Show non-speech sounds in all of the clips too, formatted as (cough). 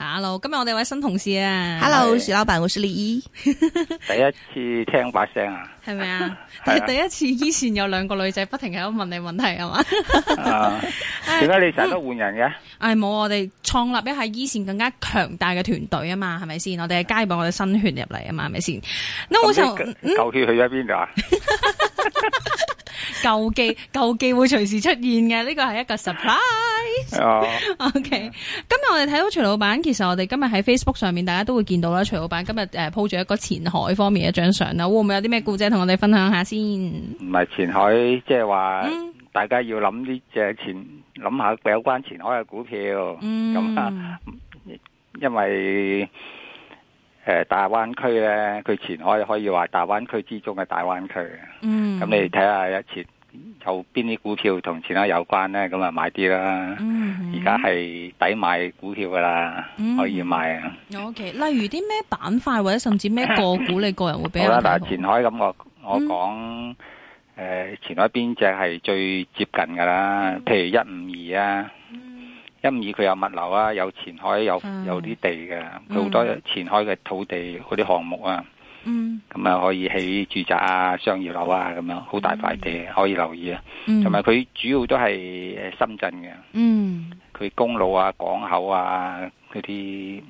hello，今日我哋位新同事啊！hello，徐老闆，我是李姨。 (laughs) 第一次聽把聲啊，係咪啊？ (laughs) 第一次，以前有兩個女仔不停喺度問你問題 (laughs) 啊嘛？點解你成日都換人嘅？唉、哎，冇、嗯哎，我哋創立一下以前更加強大嘅團隊啊嘛，係咪先？我哋係加入我哋新血入嚟啊嘛，係咪先？咁好似舊血去咗邊度啊？ (laughs) (laughs) 舊機舊機會隨時出現嘅，呢個係一個 surprise。哦、 (laughs) o、okay. k、嗯、今日我哋睇到徐老闆，其實我哋今日喺 Facebook 上面，大家都會見到啦。徐老闆今日誒鋪住一個前海方面嘅一張相啦，會唔會有啲咩故仔同我哋分享下先？唔係前海，即係話大家要諗啲只前諗下有關前海嘅股票。咁、嗯、啊，因為。呃、大灣區咧，佢前海可以話大灣區之中嘅大灣區，嗯。咁你睇下一次有邊啲股票同前海有關咧，咁啊買啲啦。嗯。而家係抵買股票噶啦、嗯，可以買啊。OK，例如啲咩板塊或者甚至咩個股， (laughs) 你個人會比較好。好啦，前海咁我我講、嗯呃、前海邊隻係最接近噶啦、嗯，譬如一五二啊。因以佢有物流啊，有前海有有啲地嘅，佢好多前海嘅土地嗰啲項目啊，咁、嗯、啊可以起住宅啊、商業樓啊咁樣，好大塊地可以留意啊。同埋佢主要都係深圳嘅，佢、嗯、公路啊、港口啊嗰啲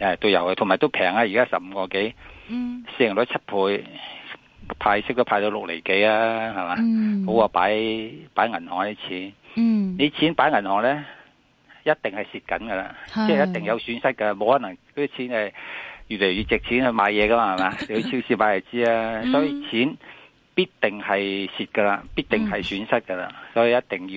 誒都有嘅，同埋都平啊，而家十五個幾，市盈率七倍，派息都派到六厘幾啊，係嘛、嗯？好啊，擺擺銀行啲錢，你、嗯、錢擺銀行咧。一定係蝕緊噶啦，即係一定有損失噶，冇可能嗰啲錢係越嚟越值錢去買嘢噶嘛，係 (laughs) 嘛？你去超市買係知啊，所以錢必定係蝕噶啦，必定係損失噶啦， (laughs) 所以一定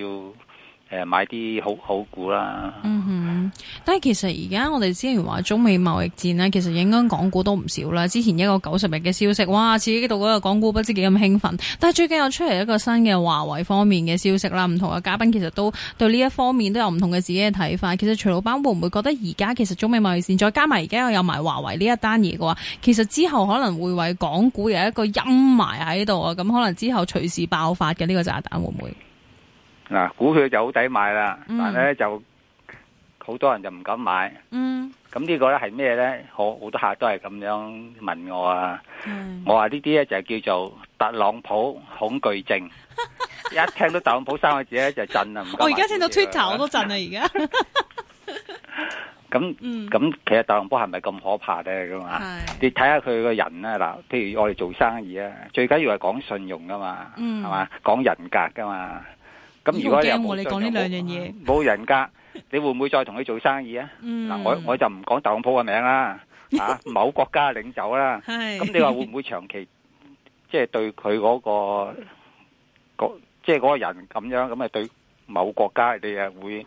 要誒買啲好好股啦。 (laughs) 嗯、但係其實而家我哋之前話中美貿易戰呢，其實影響港股都唔少啦。之前一個九十日嘅消息，哇，刺激到嗰個港股不知幾咁興奮。但係最近又出嚟一個新嘅華為方面嘅消息啦，唔同嘅嘉賓其實都對呢一方面都有唔同嘅自己嘅睇法。其實徐老闆會唔會覺得而家其實中美貿易戰再加埋而家又有埋華為呢一單嘢嘅話，其實之後可能會為港股有一個陰霾喺度啊。咁可能之後隨時爆發嘅呢個炸彈會唔會？嗱、嗯，股票就好抵買啦，但係咧就。好多人就唔敢買，咁、嗯、呢個咧係咩咧？好，好多客都係咁樣問我啊，嗯、我話呢啲咧就叫做特朗普恐懼症， (laughs) 一聽到特朗普三個字咧就震啦。我而家聽到 Twitter 好多震啊。而 (laughs) 家 (laughs) 。咁、嗯、咁，其實特朗普係咪咁可怕咧？咁啊，你睇下佢個人咧嗱，譬如我哋做生意啊，最緊要係講信用噶嘛，係、嗯、嘛，講人格噶嘛。咁如果你講呢兩樣嘢冇人格，你會唔會再同佢做生意、嗯、 (laughs) 啊？嗱，我我就唔講特朗普嘅名啦，吓某國家領袖啦，咁你話會唔會長期即係、就是、對佢嗰、那個，即係嗰個人咁樣咁啊？對某國家你啊會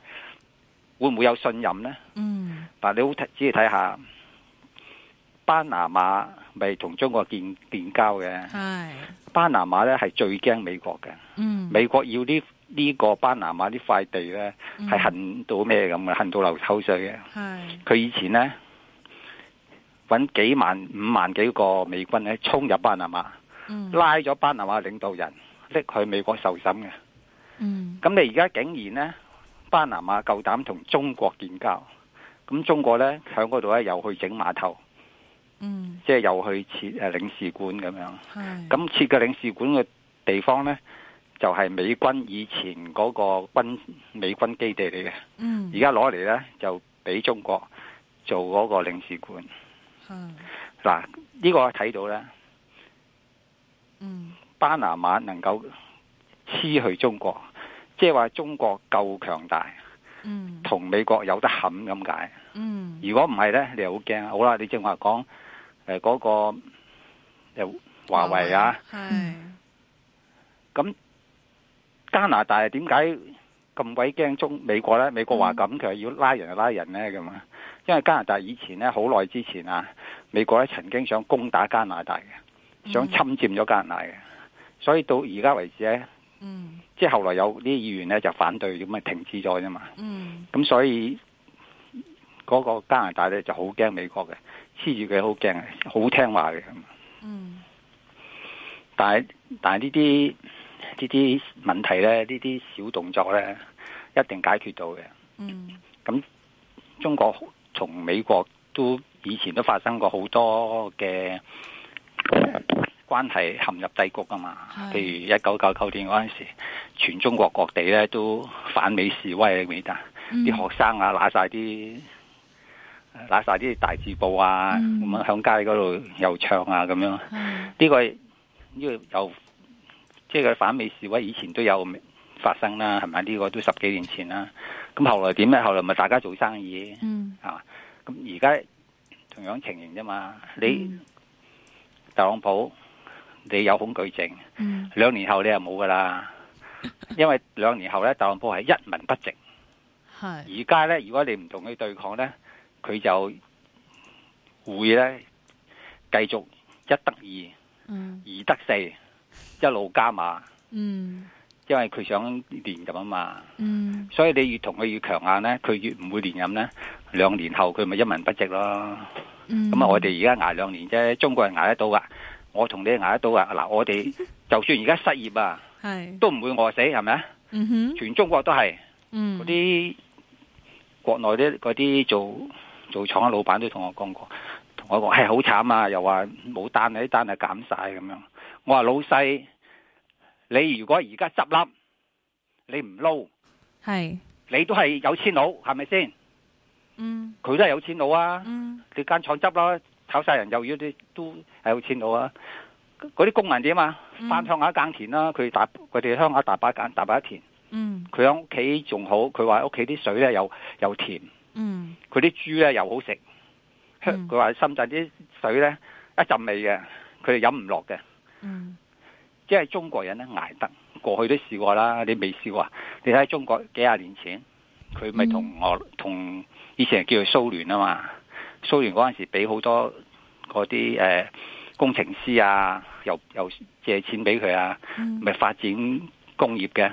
會唔會有信任咧？嗯，但你好只係睇下巴拿馬咪同中國建建交嘅，係巴拿馬咧係最驚美國嘅，嗯，美國要啲。呢、這個巴拿馬呢塊地呢，係、嗯、恨到咩咁嘅，恨到流口水嘅。佢以前呢，搵幾萬五萬幾個美軍呢衝入巴拿馬，嗯、拉咗巴拿馬領導人拎去美國受審嘅。嗯，咁你而家竟然呢，巴拿馬夠膽同中國建交，咁中國呢，響嗰度呢，又去整碼頭，嗯、即係又去設誒領事館咁樣。係咁設嘅領事館嘅地方呢，就係美軍以前嗰個軍美軍基地嚟嘅，而家攞嚟咧就俾中國做嗰個領事館。嗱，呢個我睇到咧，嗯，巴拿馬能夠黐去中國，即係話中國夠強大，嗯，同美國有得冚咁解。嗯，如果唔係咧，你好驚。好啦，你正話講誒嗰個誒華為啊，係咁。加拿大點解咁鬼驚中美國咧？美國話咁，佢係要拉人就拉人咧，咁嘛！因為加拿大以前咧，好耐之前啊，美國咧曾經想攻打加拿大嘅，想侵佔咗加拿大嘅，所以到而家為止咧，即係後來有啲議員咧就反對，咁咪停止咗啫嘛。咁所以嗰個加拿大咧就好驚美國嘅，黐住佢好驚，好聽話嘅。嗯，但係但係呢啲。呢啲問題咧，呢啲小動作咧，一定解決到嘅。嗯，咁中國同美國都以前都發生過好多嘅，關係陷入低谷啊嘛。譬如一九九九年嗰陣時，全中國各地咧都反美示威，美達啲學生啊，拿晒啲拿晒啲大字報啊，咁、嗯、響街嗰度又唱啊，咁樣。呢、呢個呢、呢個又即係佢反美示威，以前都有發生啦，係咪？呢、這個都十幾年前啦。咁後來點咧？後來咪大家做生意，啊、嗯。咁而家同樣情形啫嘛。你、嗯、特朗普，你有恐懼症，兩、嗯、年後你又冇噶啦。 (laughs) 因為兩年後咧，特朗普係一文不值。係。而家咧，如果你唔同佢對抗咧，佢就會咧繼續一得二，二、嗯、得四。一路加碼，嗯，因為佢想連任啊嘛，嗯，所以你越同佢越強硬咧，佢越唔會連任咧。兩年後佢咪一文不值咯。咁、嗯、啊，我哋而家捱兩年啫，中國人挨得到噶。我同你捱得到啊！嗱，我哋就算而家失業啊，係都唔會餓死，係咪啊？嗯哼，全中國都係，嗰、嗯、啲國內啲啲做做廠嘅老闆都同我講過，同我講係好慘啊，又話冇單，啲單係減晒咁樣。我話老細，你如果而家執笠，你唔撈，係你都係有錢佬，係咪先？嗯，佢都係有錢佬啊！嗯，你間廠執啦，炒晒人又要啲都係有錢佬啊！嗰啲工人點啊？翻鄉下耕田啦、啊，佢、嗯、大，佢哋鄉下大把耕，大把田。嗯，佢喺屋企仲好，佢話喺屋企啲水咧又又甜。嗯，佢啲豬咧又好食。佢、嗯、話深圳啲水咧一浸味嘅，佢哋飲唔落嘅。嗯，即係中國人咧，捱得過去都試過啦。你未試過啊？你睇中國幾廿年前，佢咪同我同、嗯、以前叫蘇聯啊嘛？蘇聯嗰陣時俾好多嗰啲誒工程師啊，又又借錢俾佢啊，咪、嗯、發展工業嘅。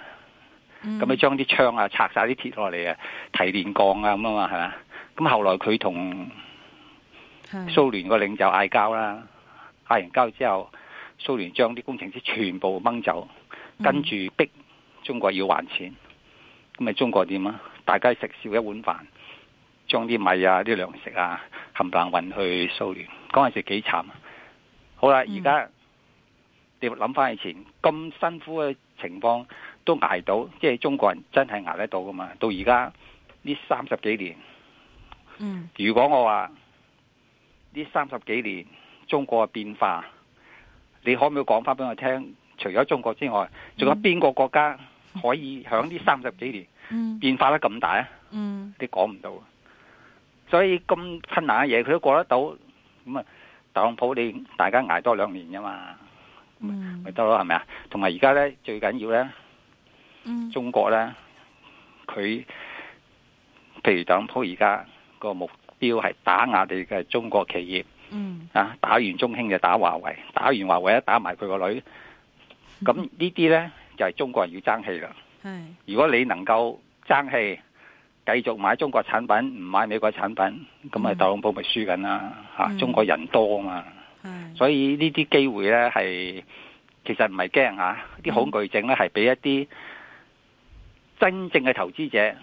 咁你將啲槍啊拆晒啲鐵落嚟啊，那提煉鋼啊咁啊嘛係嘛？咁後來佢同蘇聯個領袖嗌交啦，嗌完交之後。蘇聯將啲工程師全部掹走，跟住逼中國要還錢，咁、嗯、咪中國點啊？大家食少一碗飯，將啲米啊，啲糧食啊，冚唪唥運去蘇聯，嗰陣時幾慘、啊。好啦，而、嗯、家你諗翻以前咁辛苦嘅情況都挨到，即、就、係、是、中國人真係挨得到噶嘛？到而家呢三十幾年，嗯，如果我話呢三十幾年中國嘅變化？你可唔可以講翻俾我聽？除咗中國之外，仲有邊個國家可以喺呢三十幾年變化得咁大啊？你講唔到，所以咁困難嘅嘢佢都過得到，咁啊，特朗普你大家捱多兩年啫嘛，咪得咯，係咪啊？同埋而家咧最緊要咧，中國咧佢譬如特朗普而家個目標係打壓你嘅中國企業。嗯，啊，打完中興就打華為，打完華為一打埋佢個女，咁呢啲咧就係、是、中國人要爭氣啦。係，如果你能夠爭氣，繼續買中國產品，唔買美國產品，咁啊特朗普咪輸緊啦。吓、嗯啊，中國人多啊嘛，所以呢啲機會咧係其實唔係驚啊，啲恐懼症咧係俾一啲真正嘅投資者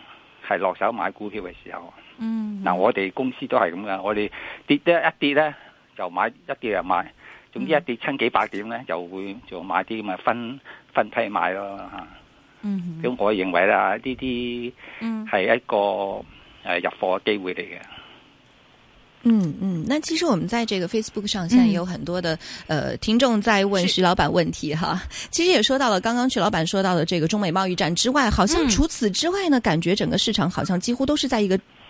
係落手買股票嘅時候。嗱、嗯啊，我哋公司都係咁噶，我哋跌得一跌咧就買一跌又買，總之一跌親幾百點咧、嗯，就會就買啲咪分分批買咯吓。咁、嗯啊、我認為咧呢啲係一個誒入貨嘅機會嚟嘅。嗯、啊、嗯、嗯，那其實我們在這個 Facebook 上，現在、嗯、有很多的誒、呃、聽眾在問徐老闆問題哈、啊。其實也說到了剛剛徐老闆說到的這個中美貿易戰之外，好像除此之外呢、嗯，感覺整個市場好像幾乎都是在一個。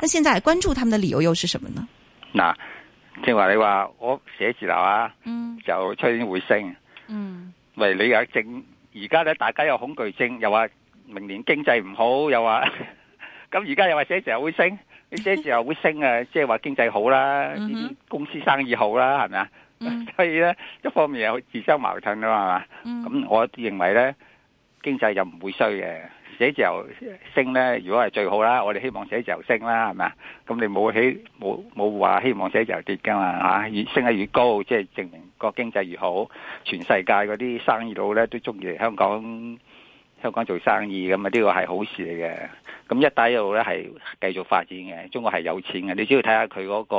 那現在關注他們的理由又是什麼呢？嗱、啊，即係話你話我寫字樓啊，嗯、就出現會升，嗯，因你有正而家咧，大家有恐懼症，又話明年經濟唔好，又話咁而家又話寫字樓會升，你寫字樓會升啊，嗯、即係話經濟好啦，嗯、公司生意好啦，係咪啊？所以咧，一方面又自相矛盾啊嘛，咁、嗯、我認為咧，經濟又唔會衰嘅。寫字樓升咧，如果係最好啦，我哋希望寫字樓升啦，係咪啊？咁你冇希冇冇話希望寫字樓跌噶嘛？嚇，越升得越高，即係證明個經濟越好，全世界嗰啲生意佬咧都中意嚟香港香港做生意咁啊！呢個係好事嚟嘅。咁一帶一路咧係繼續發展嘅，中國係有錢嘅。你只要睇下佢嗰個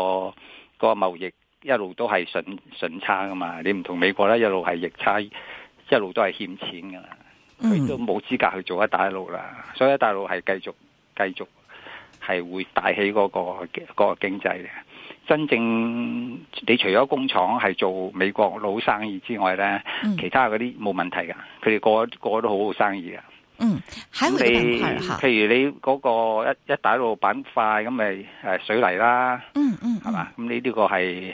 嗰個貿易一路都係順順差㗎嘛！你唔同美國咧一路係逆差，一路都係欠錢噶。佢、嗯、都冇資格去做一帶一路啦，所以一帶一路係繼續繼續係會帶起嗰、嗰個嗰、嗰個經濟嘅。真正你除咗工廠係做美國老生意之外咧、嗯，其他嗰啲冇問題嘅，佢哋個,個個都好好生意嘅。嗯，喺佢譬如你嗰個一帶一帶路板塊咁咪誒水泥啦，嗯嗯，係、嗯、嘛？咁你呢啲個係。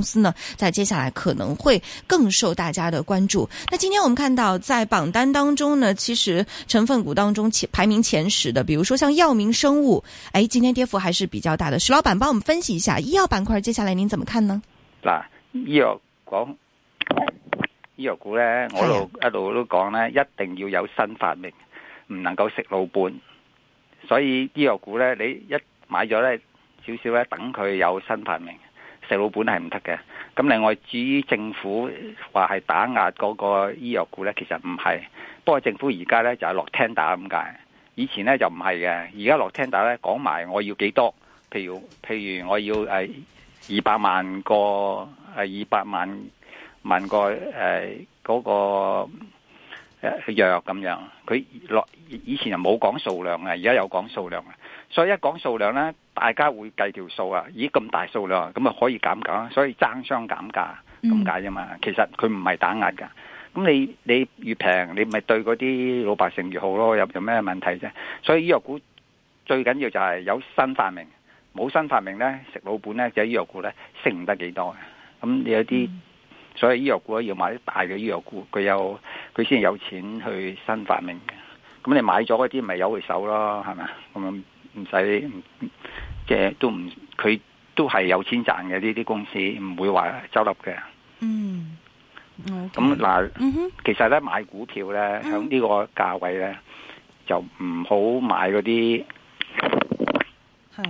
公司呢，在接下來可能會更受大家的關注。那今天我們看到，在榜單當中呢，其實成分股當中前排名前十的，比如說像藥明生物，哎，今天跌幅還是比較大的。徐老闆，幫我們分析一下醫藥板塊，接下來您怎麼看呢？嗱，醫藥股，醫藥股呢，我一路、哎、一路都講呢，一定要有新發明，唔能夠食老本。所以醫藥股呢，你一買咗呢，少少呢，等佢有新發明。細老本係唔得嘅。咁另外至於政府話係打壓嗰個醫藥股咧，其實唔係，不過政府而家咧就係落聽打咁解。以前咧就唔係嘅，而家落聽打咧，講埋我要幾多，譬如譬如我要誒二百萬個誒二百萬萬個誒嗰、啊那個誒、啊、藥咁樣，佢落以前就冇講數量嘅，而家有講數量啊。所以一講數量呢，大家會計條數啊！咦，咁大數量，咁啊可以減價，所以爭相減價咁解啫嘛。其實佢唔係打壓㗎。咁你你越平，你咪對嗰啲老百姓越好咯。有有咩問題啫？所以醫藥股最緊要就係有新發明，冇新發明呢，食老本呢，就係、係、醫藥股呢，升唔得幾多嘅。咁有啲、嗯、所以醫藥股要買啲大嘅醫藥股，佢有佢先有錢去新發明嘅。咁你買咗嗰啲咪有佢手咯，係咪？咁。唔使，即係都唔，佢都係有錢賺嘅呢啲公司，唔會話周立嘅。嗯，咁、okay. 嗱、嗯，其實咧買股票咧，響、嗯、呢個價位咧，就唔好買嗰啲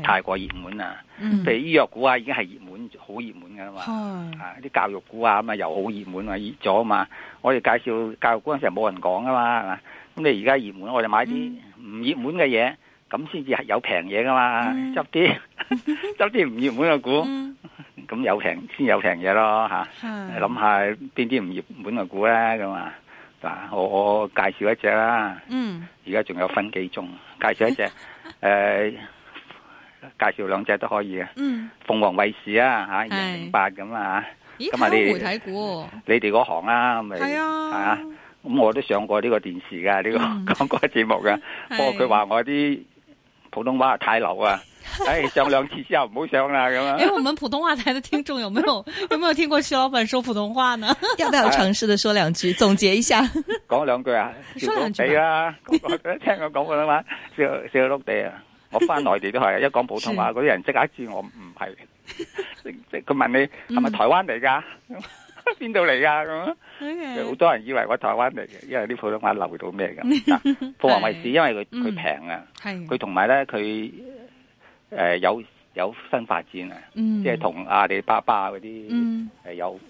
太過熱門啊。譬、嗯、如醫藥股啊，已經係熱門，好熱門噶啦嘛。啊，啲教育股啊，咁啊又好熱門啊，熱咗啊嘛。我哋介紹教育股嗰陣時冇人講噶嘛，係嘛？咁你而家熱門，我就買啲唔熱門嘅嘢。嗯嗯咁先至係有平嘢噶嘛，執啲執啲唔熱門嘅股，咁有平先有平嘢咯吓。諗下邊啲唔熱門嘅股咧咁啊，嗱我我介紹一隻啦。嗯，而家仲有分幾鐘，介紹一隻，誒，介紹兩隻都可以嘅。嗯，鳳凰衛視啊吓，二零零八咁啊吓。咦？咁係媒體股。你哋嗰行啦，咪係啊？咁我都上過呢個電視噶，呢個講過節目噶，不過佢話我啲。普通話太流啊！哎，上兩次之後唔好上啦咁樣。哎，我們普通話台的聽眾有沒有 (laughs) 有沒有聽過徐老闆說普通話呢？要不要嘗試的說兩句，總結一下？講兩句啊，說兩句啊笑地啦！啊、 (laughs) 聽我，了嘛、啊、我 (laughs) 講普通話，笑笑到碌地啊！我翻內地都係，一講普通話嗰啲人即刻知我唔係。即即佢問你係咪台灣嚟噶？嗯 (laughs) 邊度嚟噶咁？好、okay. 多人以為我台灣嚟嘅，因為啲普通話流到咩咁？嗱、 (laughs) 就是，鳳凰衛視因為佢佢平啊，佢同埋咧佢誒有、呃、有，有新發展 (laughs) 跟啊，即係同阿里巴巴嗰啲誒有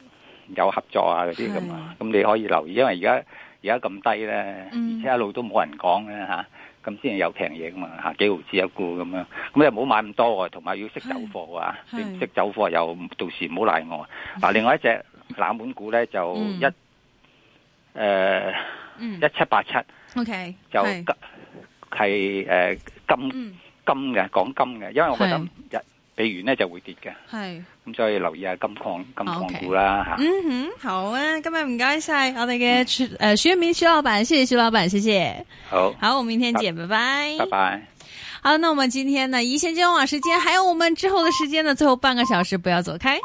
有合作啊嗰啲噶嘛。咁你可以留意，因為而家而家咁低咧， (laughs) 而且一路都冇人講嘅。吓、啊，咁先係有平嘢噶嘛吓，幾毫子一股咁樣。咁你唔好買咁多，同埋要識走貨啊！還有要貨啊你唔識走貨又到時唔好賴我。嗱，另外一隻。冷門股咧就一誒、嗯呃嗯、一七八七，OK 就、呃、金係誒、嗯、金金嘅，講金嘅，因為我覺得一美元咧就會跌嘅，係咁、嗯、所以留意下金礦金礦股啦吓。嗯哼，好啊，今日唔該晒，我哋嘅徐誒徐潤民徐老闆，謝謝徐老闆，謝謝。好，好，我明天見，拜拜。拜拜。好，那我們今天呢一線交往時間，還有我們之後的時間呢，最後半個小時不要走開。